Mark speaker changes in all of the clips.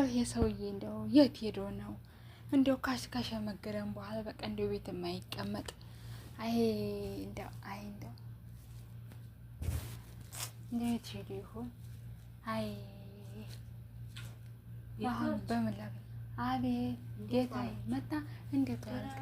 Speaker 1: እንደው የሰውዬ እንደው የት ሄዶ ነው እንደው ካሽ ካሽ መገረም በኋላ በቃ እንደው ቤት የማይቀመጥ አይ እንደው አይ እንደው እንደው የት ሄዶ ይሆን? አይ በምን ላገ አቤት ጌታዬ መጣ። እንዴት ዋልክ?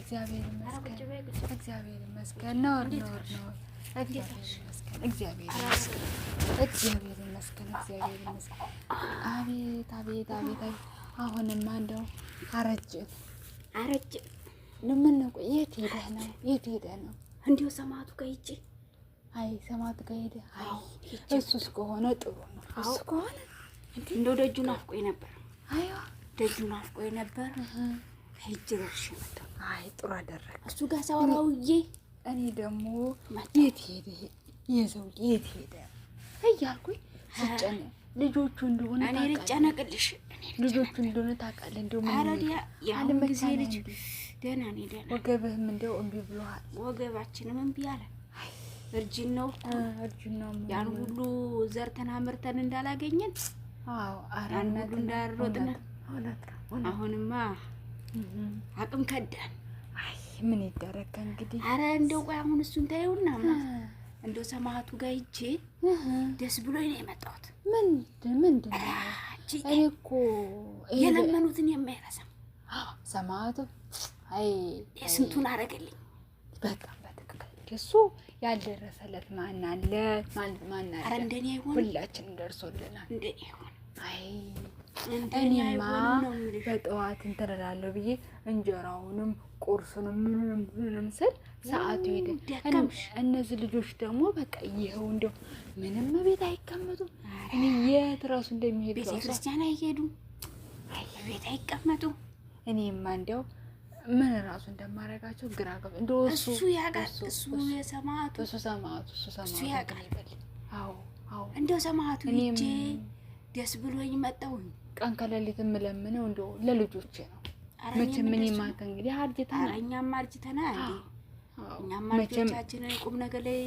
Speaker 1: እግዚአብሔር ይመስገን፣ እግዚአብሔር ይመስገን። ኖር ኖር ኖር እግዚአብሔር ይመስገን፣ እግዚአብሔር ይመስገን፣ እግዚአብሔር ይመስገን እግዚአብሔር ይመስገን። አቤት አቤት አቤት አቤት! አሁንማ እንደው አረጅን አረጅን። ምነው ቆይ የት ሄደህ ነው? የት ሄደህ ነው?
Speaker 2: እንዲሁ ሰማቱ ጋር
Speaker 1: አይ ሰማቱ ጋር አይ እሱስ ከሆነ ጥሩ ነው።
Speaker 2: እሱ ከሆነ እንደው ደጁ ናፍቆኝ ነበር። አይ ደጁ ናፍቆኝ ነበር። ሂጅ ደርሼ መጣሁ።
Speaker 1: አይ ጥሩ አደረግህ።
Speaker 2: እሱ ጋር ሳወራውዬ
Speaker 1: እኔ ደግሞ የት ሄደ የዘውዬ የት ሄደ
Speaker 2: እያልኩኝ
Speaker 1: ልጆቹ እንደሆነ
Speaker 2: እኔ ልጨነቅልሽ
Speaker 1: ልጆቹ እንደሆነ ታውቃለህ። እንደው
Speaker 2: አረዲያ የአሁን ጊዜ ልጅ ደህና ነኝ ደህና
Speaker 1: ወገብህም እንደው እምቢ ብሎሃል።
Speaker 2: ወገባችንም እምቢ አለ። እርጅናው እርጅናው ያን ሁሉ ዘርተን አምርተን እንዳላገኘን ያን ሁሉ እንዳሮጥን አሁንማ አቅም ከዳን።
Speaker 1: ምን ይደረግ እንግዲህ።
Speaker 2: አረ እንደው ቆይ አሁን እሱን ታየውና እንደ ሰማቱ ጋር ሂጄ ደስ ብሎ ነው የመጣሁት።
Speaker 1: ምንድን ምንድን እኔ እኮ
Speaker 2: የለመኑትን የማይረሳም ሰማቱ ስንቱን አደረገልኝ።
Speaker 1: በጣም በትክክል እሱ ያልደረሰለት ማን አለ? ማን
Speaker 2: አለ? እንደኔ አይሆን
Speaker 1: ሁላችንም ደርሶልናል። እንደኔ አይሆን አይ እኔማ በጠዋት እንትን እላለሁ ብዬ እንጀራውንም ቁርሱንም ምንም ምንም ስል ሰዓቱ ሄደ። እነዚህ ልጆች ደግሞ በቃ ይኸው እንደው ምንም ቤት አይቀመጡም። እኔ የት ራሱ እንደሚሄዱ
Speaker 2: ቤተ ክርስቲያን አይሄዱም፣ ቤት አይቀመጡ።
Speaker 1: እኔማ እንዲያው ምን ራሱ እንደማደርጋቸው ግራ ገብ እንደ እሱ
Speaker 2: ያውቃል። እሱ የሰማቱ
Speaker 1: እሱ ሰማቱ እሱ ሰማዕቱ ያውቃል። ይበል አዎ አዎ፣
Speaker 2: እንደው ሰማቱ ልጄ ደስ ብሎኝ መጣሁ።
Speaker 1: ቀን ከሌሊት የምለምነው እንደው ለልጆቼ ነው። መቼም እኔማ ከእንግዲህ አርጅተናል፣
Speaker 2: እኛም አርጅተናል። እኛም ልጆቻችንን ቁም ነገር ላይ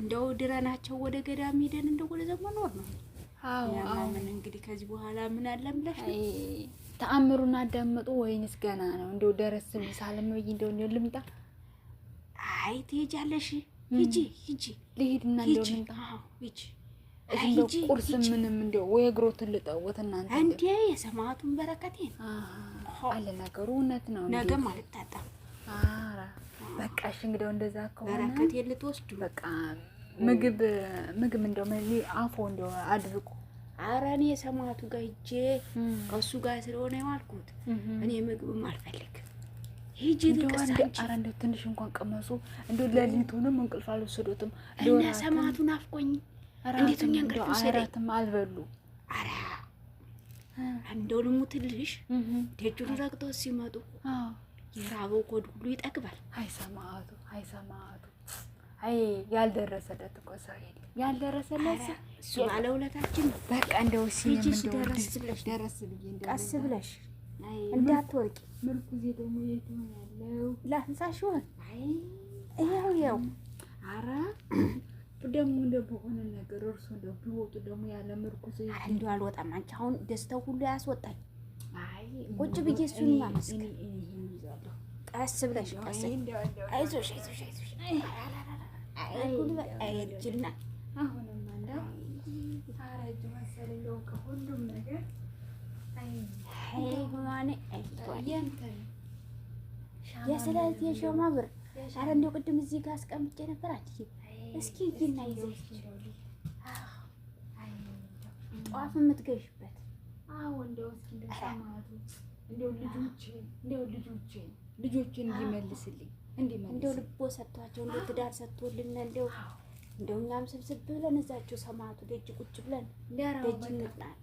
Speaker 2: እንደው ድረናቸው ወደ ገዳም ሄደን እንደው ወደ ዘመን ኖር ነው። ምን እንግዲህ ከዚህ በኋላ ምን አለን ብለሽ
Speaker 1: ተአምሩን አዳመጡ ወይንስ ገና ነው? እንደው ደረስ ሳለም ወይ እንደው እንደው ልምጣ።
Speaker 2: አይ ትሄጃለሽ። ሂጂ ሂጂ፣
Speaker 1: ልሂድና እንደው
Speaker 2: ልምጣ። ሂጂ
Speaker 1: እንደው ቁርስ ምንም እንደው ወይ እግሮትን ልጠውት እናንተ
Speaker 2: እንዴ የሰማቱን በረከቴን
Speaker 1: አለ ነገሩ። እውነት ነው
Speaker 2: ነገም አልታጣም
Speaker 1: በቃ እሺ፣ እንግዲህ እንደዛ ከሆነ
Speaker 2: በረከት የልትወስዱ
Speaker 1: በቃ ምግብ ምግብ እንደው መሊ አፎ እንደው አድርቁ።
Speaker 2: አረ እኔ ሰማቱ ጋር ሂጄ ከእሱ ጋር ስለሆነ የዋልኩት እኔ ምግብም አልፈልግም። ሂጂ
Speaker 1: ልቀሳንጂ። አረ እንደ ትንሽ እንኳን ቀመሱ። እንደው ለሊቱንም እንቅልፍ አልወሰዶትም
Speaker 2: እና ሰማቱ ናፍቆኝ እንዴትኛ እኛ እንቅልፍ
Speaker 1: ወሰደኝ። አልበሉ
Speaker 2: አረ እንደው ልሙትልሽ ደጁን ረግጦ ሲመጡ አዎ የራበው ሆድ ሁሉ ይጠግባል።
Speaker 1: አይ ሰማዕቱ፣ አይ ሰማዕቱ፣ አይ ያልደረሰለት እኮ ሰው የለም። ያልደረሰለት
Speaker 2: እሱ ባለውለታችን
Speaker 1: በቃ እንደው ሲጅሽ
Speaker 2: ደረስ ብለሽ ደረስ ብዬ ቀስ ብለሽ እንዳትወርቂ።
Speaker 1: ምርኩዜ ደግሞ የት ነው
Speaker 2: ያለው? ላንሳሽ ሆን ይኸው ይኸው።
Speaker 1: ኧረ ደግሞ እንደ በሆነ ነገር እርሱ እንደው ቢወጡ ደግሞ ያለ ምርኩዜ
Speaker 2: እንዲ አልወጣም። አንቺ አሁን ደስታው ሁሉ ያስወጣል። ቁጭ ብዬ እሱን ማመስገን ቀስ ብለሽ አይዞሽ አይዞሽ አይዞሽ። አየጅና
Speaker 1: አሁንም እንደው ታረጅ መሰል ከሁሉም ነገር
Speaker 2: የስለት የሾማ ብር አረ እንደው ቅድም እዚህ ጋር አስቀምጬ ነበር። እስኪ ይና ይዘሽ ጠዋፍ የምትገዥበት
Speaker 1: አዎ እንደው ልጆቼ ልጆችን እንዲመልስልኝ እንደው
Speaker 2: ልቦ ሰጥቷቸው እንደው ትዳር ሰጥቶልን እንደው እንደው እኛም ስብስብ ብለን እዛቸው ሰማቱ ደጅ ቁጭ ብለን ደጅ እንጥናል።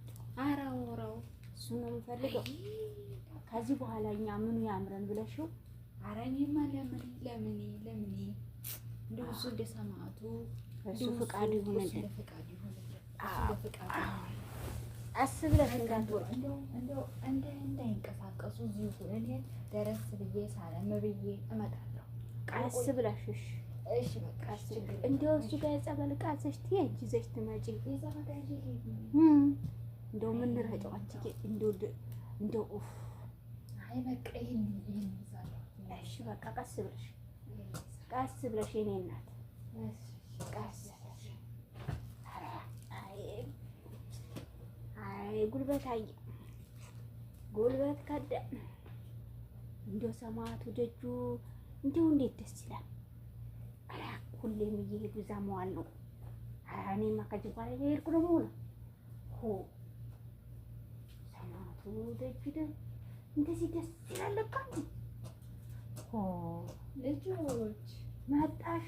Speaker 1: አራው አራው
Speaker 2: እሱ ነው የምፈልገው። ከዚህ በኋላ እኛ ምኑ ያምረን ብለሽው
Speaker 1: አራኝማ ለምን ለምን ለምን እንደው እሱ እንደ ሰማቱ
Speaker 2: እሱ ፍቃዱ ይሁን እንደ ፍቃዱ አስብለት
Speaker 1: እንዳትወጪ እንዳይንቀሳቀሱ እዚሁ እኔ ደረስ ብዬ ሳለም ብዬ እመጣለሁ።
Speaker 2: እሺ፣ እሺ በቃ እንደው እሱ ጋር የጸበል ትሄጂ ይዘሽ ትመጪ። እንደው ምን እንደው እንደው ኡፍ
Speaker 1: አይ በቃ ይሄን
Speaker 2: እሺ በቃ ብለሽ ብለሽ እናት ጉልበት አየ ጉልበት ከደ እንዲያው ሰማቱ ደጁ እንዲያው እንዴት ደስ ይላል። ኧረ ሁሌም እየሄዱ እዛ መዋል ነው። ኧረ እኔማ ከዚህ በኋላ እየሄድኩ ደግሞ ነው። ሆ ሰማቱ ደጁ ደ እንደዚህ ደስ ይላል። ለካ
Speaker 1: ሆ ልጆች
Speaker 2: መጣሽ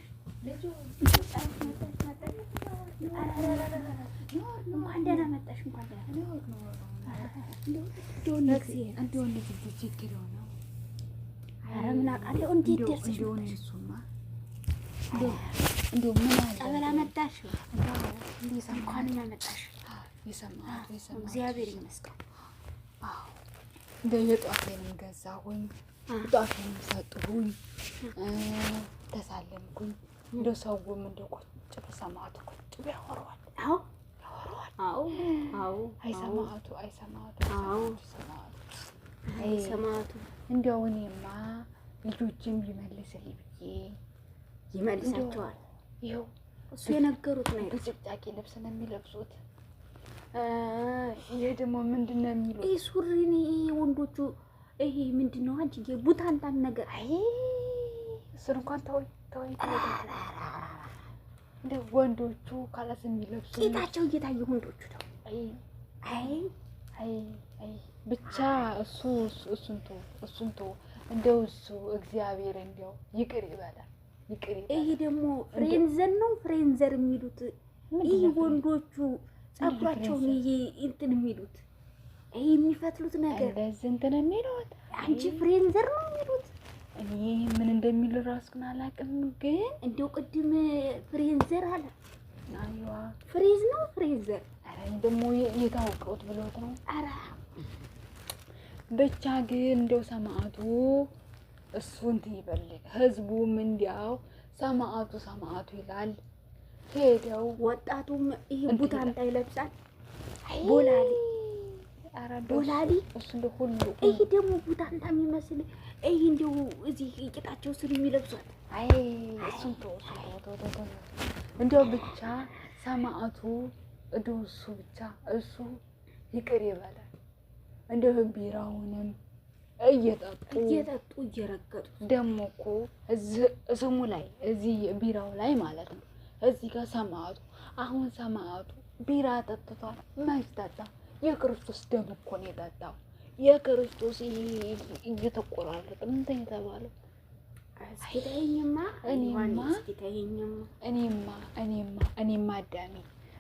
Speaker 2: እግዚአብሔር ይመስገን።
Speaker 1: እንደ የጧፌንም ተሳለምኩኝ። እንደ ሰውም እንደ ቁጭ በሰማቱ ቁጭ ያወራዋል። አዎ አይሰማቱ አይሰማቱ
Speaker 2: አዎ አይሰማቱ።
Speaker 1: እንዲያው እኔማ ልጆችም ይመልስልኝ ብዬ
Speaker 2: ይመልሳቸዋል። ይኸው እሱ የነገሩት ነው።
Speaker 1: በጭብጫቂ ልብስ ነው የሚለብሱት። ይሄ ደግሞ ምንድን ነው የሚሉት?
Speaker 2: ይህ ሱሪ ወንዶቹ ይሄ ምንድን ነው አንቺ ቡታንታን ነገር።
Speaker 1: አይ እሱን እንኳን ተወኝ እንደ ወንዶቹ ካላስ የሚለብሱ
Speaker 2: ጌታቸው እየታየ ወንዶቹ ነው። አይ አይ
Speaker 1: አይ ብቻ እሱ እሱን ተው እሱን ተው። እንደው እሱ እግዚአብሔር እንደው ይቅር ይበላል ይቅር ይበላል።
Speaker 2: ይሄ ደግሞ ፍሬንዘን ነው ፍሬንዘር የሚሉት ይህ ወንዶቹ ጸጉራቸውን ይሄ እንትን የሚሉት ይሄ የሚፈትሉት
Speaker 1: ነገር እንደዚህ እንትን የሚሉት
Speaker 2: አንቺ ፍሬንዘር ነው የሚሉት
Speaker 1: ራሱን አላውቅም፣ ግን
Speaker 2: እንደው ቅድም ፍሬንዘር አለ። አይዋ ፍሬዝ ነው ፍሬዘር።
Speaker 1: አረ ደግሞ የታወቀውት ብሎት ነው። አረ ብቻ ግን እንደው ሰማዕቱ እሱ እንትን ይበል፣ ህዝቡም እንዲያው ሰማዕቱ ሰማዕቱ ይላል። ሄደው
Speaker 2: ወጣቱም ይሄ ቡታንታ ይለብሳል። ቦላሊ
Speaker 1: ቦላሊ፣ እሱ ሁሉ
Speaker 2: ይሄ ደግሞ ቡታንታ የሚመስል ይህ እንዲሁ እዚህ ቂጣቸው ስር የሚለብሷት
Speaker 1: አይ ብቻ ሰማዕቱ እንዲሁ እሱ ብቻ እሱ ይቅር ይበላል። እንዲሁ ቢራውንም እየጠጡ
Speaker 2: እየጠጡ እየረገጡ
Speaker 1: ደግሞ እኮ ስሙ ላይ እዚህ ቢራው ላይ ማለት ነው እዚህ ጋር ሰማዕቱ አሁን ሰማዕቱ ቢራ ጠጥቷል። መች ጠጣ? የክርስቶስ ደም እኮ ነው የጠጣው። የክርስቶስ እየተቆራረጠ ምንተ የተባለ እኔማ እኔማ እኔማ አዳሜ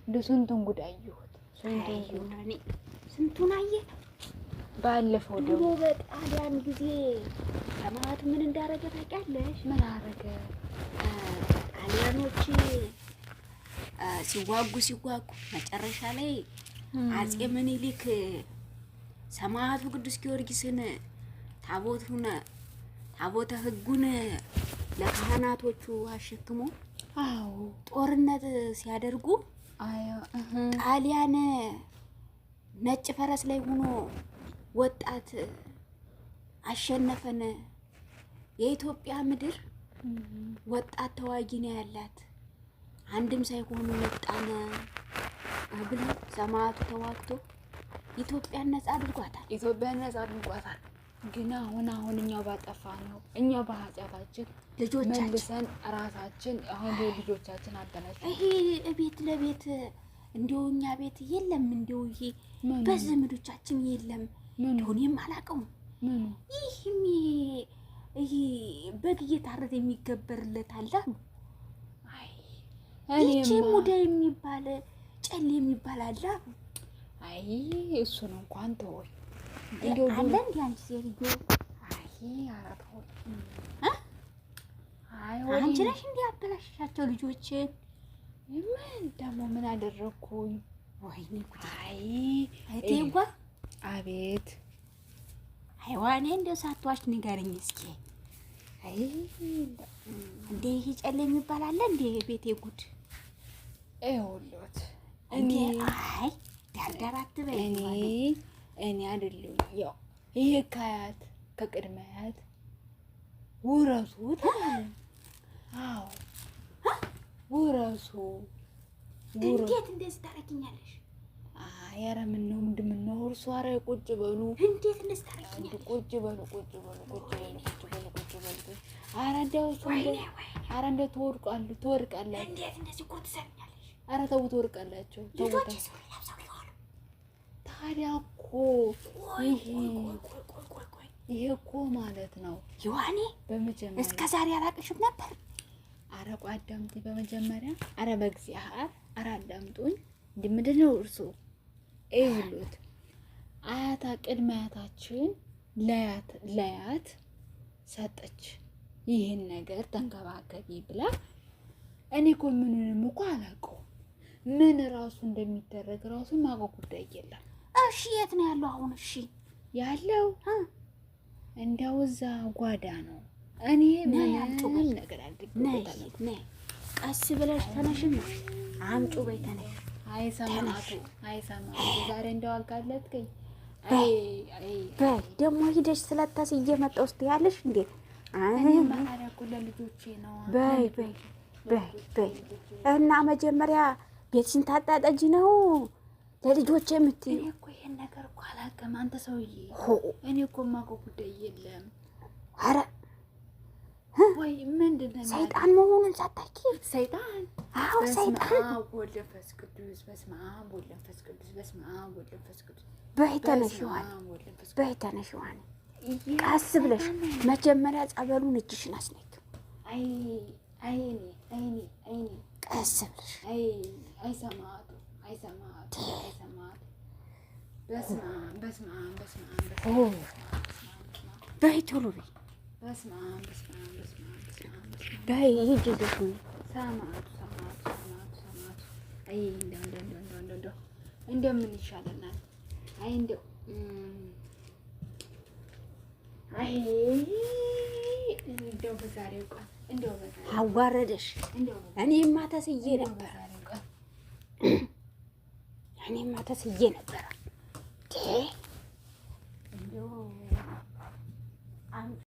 Speaker 1: እንደ ስንቱን ጉድ አየሁት፣ ስንቱን አየ። ባለፈው
Speaker 2: ደግሞ በጣሊያን ጊዜ ሰማዕቱ ምን እንዳረገ ታውቂያለሽ? ምን አረገ? ጣሊያኖች ሲዋጉ ሲዋጉ መጨረሻ ላይ አፄ ምኒልክ ሰማዕቱ ቅዱስ ጊዮርጊስን ታቦቱን ታቦተ ሕጉን ለካህናቶቹ አሸክሞ ጦርነት ሲያደርጉ ጣሊያን ነጭ ፈረስ ላይ ሆኖ ወጣት አሸነፈን። የኢትዮጵያ ምድር ወጣት ተዋጊ ነው ያላት፣ አንድም ሳይሆኑ ወጣነ ብሎ ሰማዕቱ ተዋግቶ ኢትዮጵያን ነጻ አድርጓታል።
Speaker 1: ኢትዮጵያን ነጻ አድርጓታል። ግን አሁን አሁን እኛ ባጠፋ ነው እኛ በኃጢአታችን
Speaker 2: ልጆቻችን መልሰን
Speaker 1: ራሳችን አሁን ልጆቻችን አበላሽ።
Speaker 2: ይሄ ቤት ለቤት እንዲሁ እኛ ቤት የለም እንዲሁ ይሄ በዘመዶቻችን የለም እኔም አላውቀውም። ይህም ይሄ በግ እየታረደ የሚገበርለት አለ። ይቺ ሙዳ የሚባል ጨል የሚባል አለ
Speaker 1: አይ እሱን እንኳን ተወይ።
Speaker 2: እንደው አንቺ ሴትዮ
Speaker 1: አይ ኧረ ተወይ።
Speaker 2: አንቺ ነሽ እንደ አበላሽሻቸው ልጆችን።
Speaker 1: ምን ደግሞ ምን አደረግኩኝ? ወይኔ አይ እቴ እንኳን አቤት።
Speaker 2: አይዋ እንደው ሳትዋሽ ንገረኝ እስኪ። አይ እንደ ይሄ ጨሌ የሚባል አለ እንደ ቤቴ ጉድ።
Speaker 1: ይኸውልዎት
Speaker 2: እኔ አይ
Speaker 1: እኔ እኔ አይደለሁም። ያው ይሄ ከአያት ከቅድመ አያት ውረሱ ተባለ። አዎ ውረሱ።
Speaker 2: እንዴት እንደዚህ ታረጊኛለሽ?
Speaker 1: አይ ኧረ ምነው ምንድን ነው እርሱ? ኧረ ቁጭ በሉ፣
Speaker 2: እንዴት እንደዚህ ታረጊኛለሽ?
Speaker 1: ቁጭ በሉ፣ ቁጭ በሉ፣ ቁጭ በሉ፣ ቁጭ በሉ፣ ቁጭ በሉ። ኧረ እንደው እሱ ኧረ እንደው
Speaker 2: እንዴት እንደዚህ እኮ ትሰሚኛለሽ?
Speaker 1: ኧረ ተው፣ ትወድቃላችሁ፣ ተው ታዲያ እኮ ይሄ እኮ ማለት ነው ዮሐኔ፣ በመጀመሪያ
Speaker 2: እስከ ዛሬ አላቅሽም ነበር።
Speaker 1: አረ ቆይ አዳምጤ፣ በመጀመሪያ አረ በእግዚአብሔር አረ አዳምጡኝ። ነው እርሱ ይውሉት አያታ ቅድመ አያታችን ለያት ለያት ሰጠች ይህን ነገር ተንከባከቢ ብላ። እኔ እኮ ምንንም እኮ አላውቀውም። ምን ራሱ እንደሚደረግ ራሱ ማውቀው ጉዳይ የለም።
Speaker 2: እሺ፣ የት ነው ያለው አሁን? እሺ፣
Speaker 1: ያለው እንደው እዛ ጓዳ ነው። እኔ
Speaker 2: ምንም ነገር አልደግም። ቀስ ብለሽ ተነሽና አምጩ በይ፣ ተነሽ።
Speaker 1: አይ ሰማቱ፣ አይ ሰማቱ፣ ዛሬ እንደው አጋለጥከኝ።
Speaker 2: አይ አይ፣ ደግሞ ሂደሽ ስለታስ እየመጣ ውስጥ ያለሽ እንዴ?
Speaker 1: አይ ማራቁ ለልጆቼ ነው።
Speaker 2: በይ በይ በይ በይ። እና መጀመሪያ ቤትሽን ታጣጠጂ ነው ለልጆች የምትይው
Speaker 1: እኔ እኮ ይሄን ነገር እኮ አላውቅም። አንተ ሰውዬ እኔ እኮ የማውቀው ጉዳይ የለም። ኧረ ወይ ምንድን
Speaker 2: ነው ሰይጣን መሆኑን ሳታውቂ ሰይጣን? አዎ ሰይጣን።
Speaker 1: ወልድ መንፈስ ቅዱስ በስመ አብ ወልድ መንፈስ ቅዱስ በስመ አብ ወልድ መንፈስ ቅዱስ።
Speaker 2: በይ ተነሽ ቀስ ብለሽ መጀመሪያ ጸበሉን እጅሽን አስነኪ።
Speaker 1: አይ አይ አይ
Speaker 2: ቀስ ብለሽ
Speaker 1: አይ አይ ሰማቱ አይ ሰማቱ
Speaker 2: በይ ቶሎ በይ በይ
Speaker 1: እንደው ምን ይሻለናል? አይ እንደው አይ እንደው በዛሬው ቀን እንደው በዛሬው
Speaker 2: አዋረደሽ። እኔማ ተስዬ እኔማ ተስዬ ነበረ